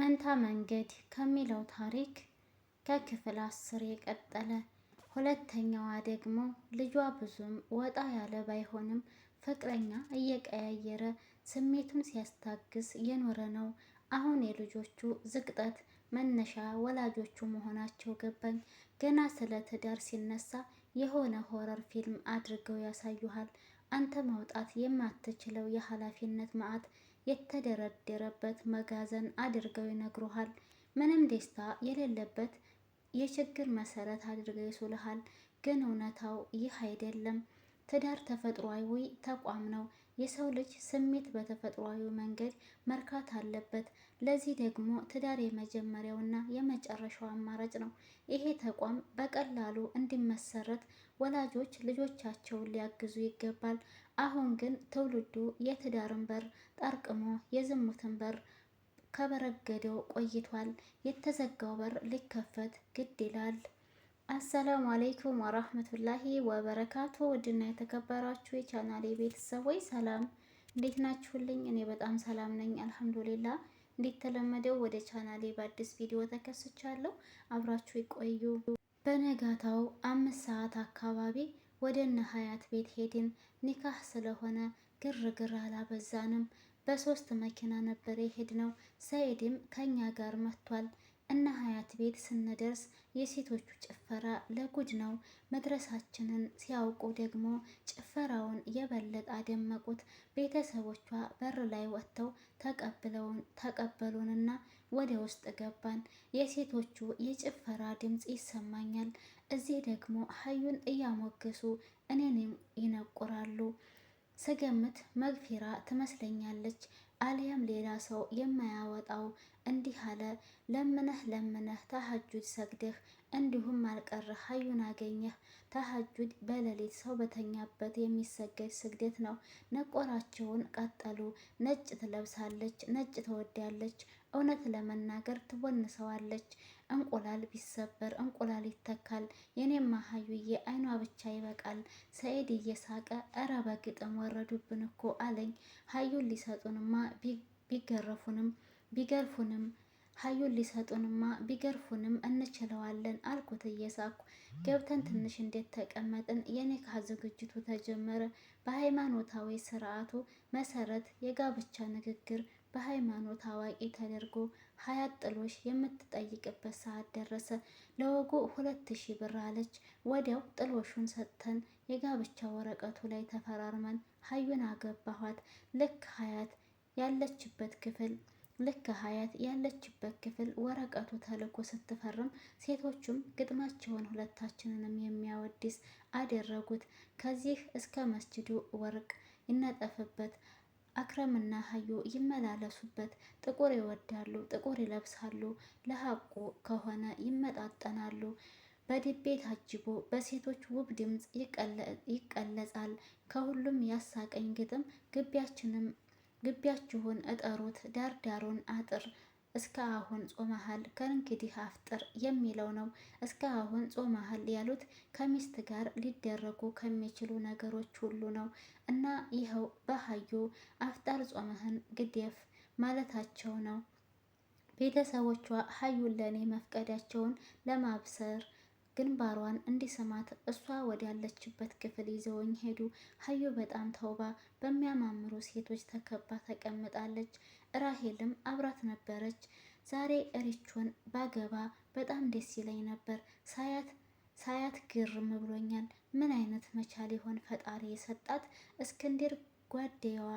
መንታ መንገድ ከሚለው ታሪክ ከክፍል አስር የቀጠለ ሁለተኛዋ ደግሞ ልጇ ብዙም ወጣ ያለ ባይሆንም ፍቅረኛ እየቀያየረ ስሜቱን ሲያስታግስ የኖረ ነው። አሁን የልጆቹ ዝቅጠት መነሻ ወላጆቹ መሆናቸው ገባኝ። ገና ስለ ትዳር ሲነሳ የሆነ ሆረር ፊልም አድርገው ያሳዩሃል። አንተ መውጣት የማትችለው የኃላፊነት መዓት የተደረደረበት መጋዘን አድርገው ይነግሩሃል። ምንም ደስታ የሌለበት የችግር መሰረት አድርገው ይሱልሃል። ግን እውነታው ይህ አይደለም። ትዳር ተፈጥሯዊ ተቋም ነው። የሰው ልጅ ስሜት በተፈጥሯዊ መንገድ መርካት አለበት። ለዚህ ደግሞ ትዳር የመጀመሪያው ና የመጨረሻው አማራጭ ነው። ይሄ ተቋም በቀላሉ እንዲመሰረት ወላጆች ልጆቻቸውን ሊያግዙ ይገባል። አሁን ግን ትውልዱ የትዳርን በር ጠርቅሞ የዝሙትን በር ከበረገደው ቆይቷል። የተዘጋው በር ሊከፈት ግድ ይላል። አሰላሙ አለይኩም ወራህመቱላሂ ወበረካቱ። ውድና የተከበራችሁ የቻናሌ ቤተሰቦች ሰላም፣ እንዴት ናችሁልኝ? እኔ በጣም ሰላም ነኝ አልሐምዱሊላ። እንዴት ተለመደው ወደ ቻናሌ በአዲስ ቪዲዮ ተከስቻለሁ። አብራችሁ ይቆዩ። በነጋታው አምስት ሰዓት አካባቢ ወደ እነ ሀያት ቤት ሄድን። ኒካህ ስለሆነ ግርግር አላበዛንም። በሶስት መኪና ነበር የሄድነው። ሰኢድም ከኛ ጋር መጥቷል። እነ ሀያት ቤት ስንደርስ የሴቶቹ ጭፈራ ለጉድ ነው። መድረሳችንን ሲያውቁ ደግሞ ጭፈራውን የበለጠ አደመቁት። ቤተሰቦቿ በር ላይ ወጥተው ተቀብለውን ተቀበሉንና ወደ ውስጥ ገባን። የሴቶቹ የጭፈራ ድምፅ ይሰማኛል። እዚህ ደግሞ ሀዩን እያሞገሱ እኔንም ይነቁራሉ። ስገምት መግፊራ ትመስለኛለች አሊያም ሌላ ሰው የማያወጣው እንዲህ አለ። ለምነህ ለምነህ ተሐጁድ ሰግደህ እንዲሁም አልቀረህ ሀዩን አገኘህ። ተሐጁድ በሌሊት ሰው በተኛበት የሚሰገድ ስግደት ነው። ነቆራቸውን ቀጠሉ። ነጭ ትለብሳለች፣ ነጭ ትወዳለች። እውነት ለመናገር ትወንሰዋለች። እንቁላል ቢሰበር እንቁላል ይተካል። የኔም አህዩዬ አይኗ ብቻ ይበቃል። ሰኢድ እየሳቀ እረ በግጥም ወረዱብን እኮ አለኝ። ሀዩን ሊሰጡንማ ቢገረፉንም ቢገርፉንም ሀዩን ሊሰጡንማ ቢገርፉንም እንችለዋለን አልኩት እየሳኩ። ገብተን ትንሽ እንዴት ተቀመጥን። የኒካ ዝግጅቱ ተጀመረ። በሃይማኖታዊ ስርዓቱ መሰረት የጋብቻ ንግግር በሃይማኖት አዋቂ ተደርጎ ሀያት ጥሎሽ የምትጠይቅበት ሰዓት ደረሰ። ለወጉ ሁለት ሺህ ብር አለች። ወዲያው ጥሎሹን ሰጥተን የጋብቻ ወረቀቱ ላይ ተፈራርመን ሀዩን አገባኋት። ልክ ሀያት ያለችበት ክፍል ልክ ሀያት ያለችበት ክፍል ወረቀቱ ተልኮ ስትፈርም ሴቶቹም ግጥማቸውን ሁለታችንንም የሚያወድስ አደረጉት። ከዚህ እስከ መስጅዱ ወርቅ ይነጠፍበት አክረምና ሀዮ ይመላለሱበት። ጥቁር ይወዳሉ፣ ጥቁር ይለብሳሉ፣ ለሀቁ ከሆነ ይመጣጠናሉ። በድቤ ታጅቦ በሴቶች ውብ ድምፅ ይቀለጻል። ከሁሉም ያሳቀኝ ግጥም ግቢያችንም ግቢያችሁን እጠሩት ዳርዳሩን አጥር እስከ አሁን ጾመሃል ከእንግዲህ አፍጥር የሚለው ነው። እስከ አሁን ጾመሃል ያሉት ከሚስት ጋር ሊደረጉ ከሚችሉ ነገሮች ሁሉ ነው እና ይኸው በሀዩ አፍጣር ጾመህን ግዴፍ ማለታቸው ነው። ቤተሰቦቿ ሀዩን ለእኔ መፍቀዳቸውን ለማብሰር ግንባሯን እንዲስማት እሷ ወዳለችበት ክፍል ይዘውኝ ሄዱ። ሀዩ በጣም ተውባ በሚያማምሩ ሴቶች ተከባ ተቀምጣለች። ራሄልም አብራት ነበረች። ዛሬ እሪቾን ባገባ በጣም ደስ ይለኝ ነበር። ሳያት ሳያት ግርም ብሎኛል። ምን አይነት መቻል ይሆን ፈጣሪ የሰጣት? እስክንድር ጓደዋ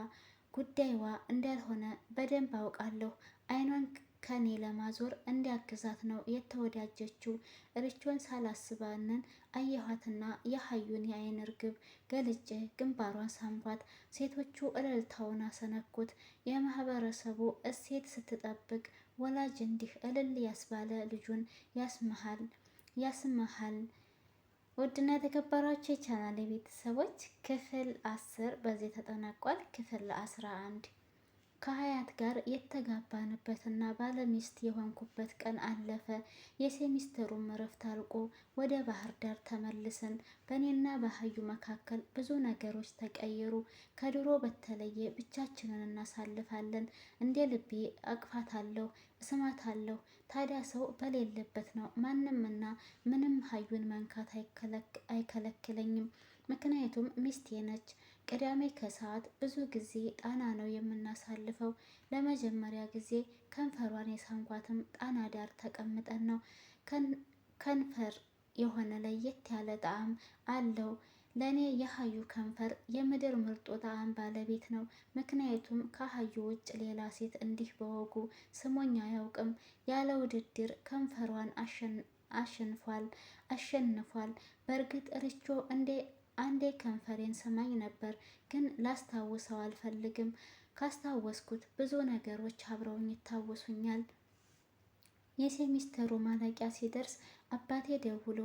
ጉዳይዋ እንዳልሆነ በደንብ አውቃለሁ። አይኗን ከኔ ለማዞር እንዲያግዛት ነው የተወዳጀችው። እርቾን ሳላስባንን አየኋትና የሀዩን የአይን እርግብ ገልጬ ግንባሯን ሳምኳት። ሴቶቹ እልልታውን አሰነኩት። የማህበረሰቡ እሴት ስትጠብቅ ወላጅ እንዲህ እልል ያስባለ ልጁን ያስመሃል ያስመሃል። ውድና የተከበራችሁ የቻናል ቤተሰቦች ክፍል አስር በዚህ ተጠናቋል። ክፍል አስራ አንድ ከሀያት ጋር የተጋባንበትና ባለሚስት የሆንኩበት ቀን አለፈ። የሴሚስተሩም እረፍት አልቆ ወደ ባህር ዳር ተመልሰን በእኔና በሀዩ መካከል ብዙ ነገሮች ተቀየሩ። ከድሮ በተለየ ብቻችንን እናሳልፋለን። እንደ ልቤ አቅፋታለሁ፣ እስማታለሁ። ታዲያ ሰው በሌለበት ነው ማንምና ምንም ሀዩን መንካት አይከለክለኝም። ምክንያቱም ሚስቴ ነች። ቅዳሜ ከሰዓት ብዙ ጊዜ ጣና ነው የምናሳልፈው። ለመጀመሪያ ጊዜ ከንፈሯን የሳንኳትም ጣና ዳር ተቀምጠን ነው። ከንፈር የሆነ ለየት ያለ ጣዕም አለው። ለእኔ የሀዩ ከንፈር የምድር ምርጡ ጣዕም ባለቤት ነው። ምክንያቱም ከሀዩ ውጭ ሌላ ሴት እንዲህ በወጉ ስሞኝ አያውቅም። ያለ ውድድር ከንፈሯን አሸንፏል አሸንፏል። በእርግጥ ርቾ እንዴ አንዴ ከንፈሬን ስማኝ ነበር ግን ላስታውሰው አልፈልግም። ካስታወስኩት ብዙ ነገሮች አብረውኝ ይታወሱኛል። የሴሚስተሩ ማለቂያ ሲደርስ አባቴ ደውሎ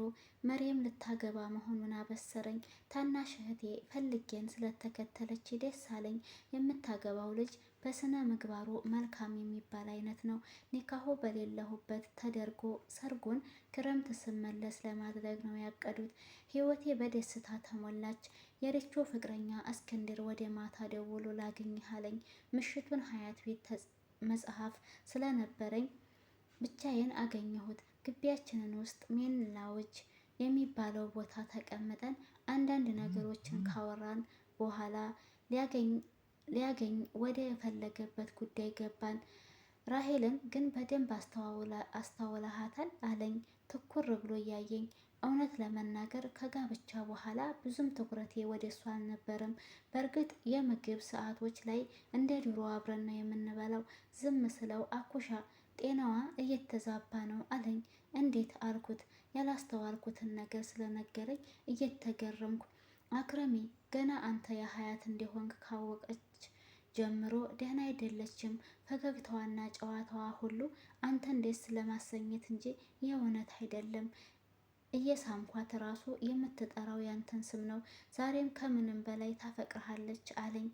መሬም ልታገባ መሆኑን አበሰረኝ። ታናሽ እህቴ ፈልጌን ስለተከተለች ደስ አለኝ። የምታገባው ልጅ በስነ ምግባሩ መልካም የሚባል አይነት ነው። ኒካሆ በሌለሁበት ተደርጎ ሰርጉን ክረምት ስመለስ ለማድረግ ነው ያቀዱት። ህይወቴ በደስታ ተሞላች። የሬቾ ፍቅረኛ እስክንድር ወደ ማታ ደውሎ ላግኝህ አለኝ። ምሽቱን ሀያት ቤት መጽሐፍ ስለነበረኝ ብቻዬን አገኘሁት። ግቢያችንን ውስጥ ሜን የሚባለው ቦታ ተቀምጠን አንዳንድ ነገሮችን ካወራን በኋላ ሊያገኝ ሊያገኝ ወደ የፈለገበት ጉዳይ ገባን። ራሄልን ግን በደንብ አስተውለሃታል አለኝ ትኩር ብሎ እያየኝ። እውነት ለመናገር ከጋብቻ በኋላ ብዙም ትኩረቴ ወደ እሱ አልነበረም። በእርግጥ የምግብ ሰዓቶች ላይ እንደ ድሮ አብረን ነው የምንበላው። ዝም ስለው አኩሻ ጤናዋ እየተዛባ ነው አለኝ። እንዴት አልኩት። ያላስተዋልኩትን ነገር ስለነገረኝ እየተገረምኩ አክረሚ ገና አንተ የሀያት እንደሆንክ ካወቀች ጀምሮ ደህና አይደለችም። ፈገግታዋና ጨዋታዋ ሁሉ አንተን ደስ ለማሰኘት እንጂ የእውነት አይደለም። እየሳምኳት ራሱ የምትጠራው ያንተን ስም ነው። ዛሬም ከምንም በላይ ታፈቅርሃለች አለኝ።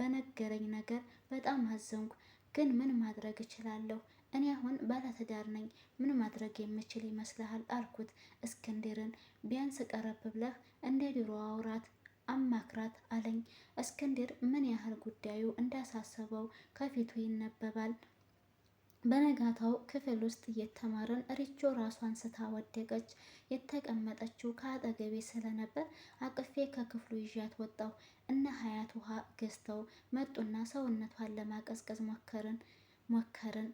በነገረኝ ነገር በጣም አዘንኩ፣ ግን ምን ማድረግ እችላለሁ? እኔ አሁን ባለትዳር ነኝ፣ ምን ማድረግ የምችል ይመስልሃል? አልኩት እስክንድርን። ቢያንስ ቀረብ ብለህ እንደ ድሮ አውራት አማክራት አለኝ። እስክንድር ምን ያህል ጉዳዩ እንዳሳሰበው ከፊቱ ይነበባል። በነጋታው ክፍል ውስጥ እየተማረን ሪቾ ራሷን ስታ ወደቀች። የተቀመጠችው ከአጠገቤ ስለነበር አቅፌ ከክፍሉ ይዣት ወጣሁ። እነ ሀያት ውሃ ገዝተው መጡና ሰውነቷን ለማቀዝቀዝ ሞከርን ሞከርን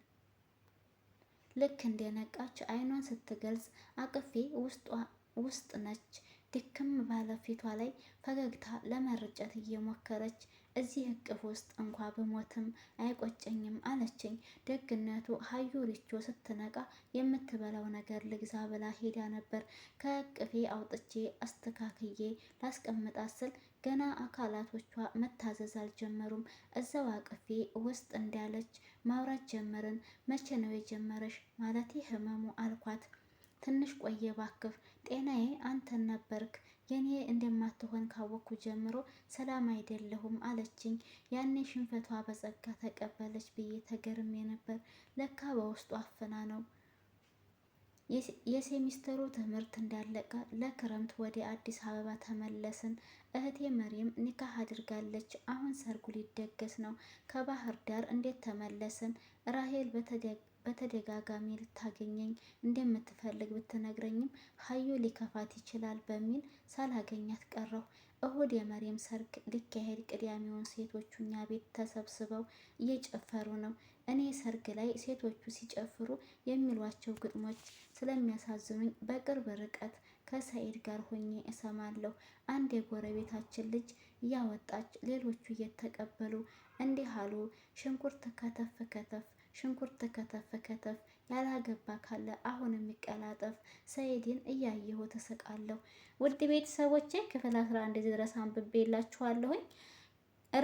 ልክ እንደነቃች አይኗን ስትገልጽ አቅፌ ውስጧ ውስጥ ነች። ድክም ባለ ፊቷ ላይ ፈገግታ ለመርጨት እየሞከረች እዚህ እቅፍ ውስጥ እንኳ ብሞትም አይቆጨኝም አለችኝ። ደግነቱ ሀዩ ሪቾ ስትነቃ የምትበላው ነገር ልግዛ ብላ ሄዳ ነበር። ከእቅፌ አውጥቼ አስተካክዬ ላስቀምጣት ስል ገና አካላቶቿ መታዘዝ አልጀመሩም። እዛው አቅፌ ውስጥ እንዳለች ማውራት ጀመርን። መቼ ነው የጀመረሽ? ማለቴ ህመሙ አልኳት። ትንሽ ቆየ ባክፍ ጤናዬ አንተን ነበርክ የኔ እንደማትሆን ካወቅኩ ጀምሮ ሰላም አይደለሁም አለችኝ። ያኔ ሽንፈቷ በጸጋ ተቀበለች ብዬ ተገርሜ ነበር። ለካ በውስጡ አፍና ነው። የሴሚስተሩ ትምህርት እንዳለቀ ለክረምት ወደ አዲስ አበባ ተመለስን። እህቴ መሪም ኒካህ አድርጋለች። አሁን ሰርጉ ሊደገስ ነው። ከባህር ዳር እንዴት ተመለስን? ራሄል በተደ በተደጋጋሚ ልታገኘኝ እንደምትፈልግ ብትነግረኝም ሀዩ ሊከፋት ይችላል በሚል ሳላገኛት ቀረሁ። እሁድ የመሪም ሰርግ ሊካሄድ ቅዳሜውን ሴቶቹ እኛ ቤት ተሰብስበው እየጨፈሩ ነው። እኔ ሰርግ ላይ ሴቶቹ ሲጨፍሩ የሚሏቸው ግጥሞች ስለሚያሳዝኑኝ በቅርብ ርቀት ከሰኢድ ጋር ሆኜ እሰማለሁ። አንድ የጎረቤታችን ልጅ እያወጣች ሌሎቹ እየተቀበሉ እንዲህ አሉ። ሽንኩርት ከተፍ ከተፍ ሽንኩርት ከተፍ ከተፍ ያላገባ ካለ አሁን የሚቀላጠፍ ሰይድን እያየሁ ተሰቃለሁ። ውድ ቤተሰቦቼ ክፍል 11 ድረስ አንብቤላችኋለሁኝ።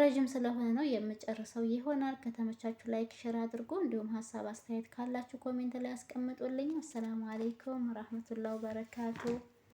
ረጅም ስለሆነ ነው የምጨርሰው ይሆናል። ከተመቻችሁ ላይክ፣ ሼር አድርጉ። እንዲሁም ሀሳብ አስተያየት ካላችሁ ኮሜንት ላይ አስቀምጡልኝ። አሰላሙ አለይኩም ወራህመቱላሂ ወበረካቱ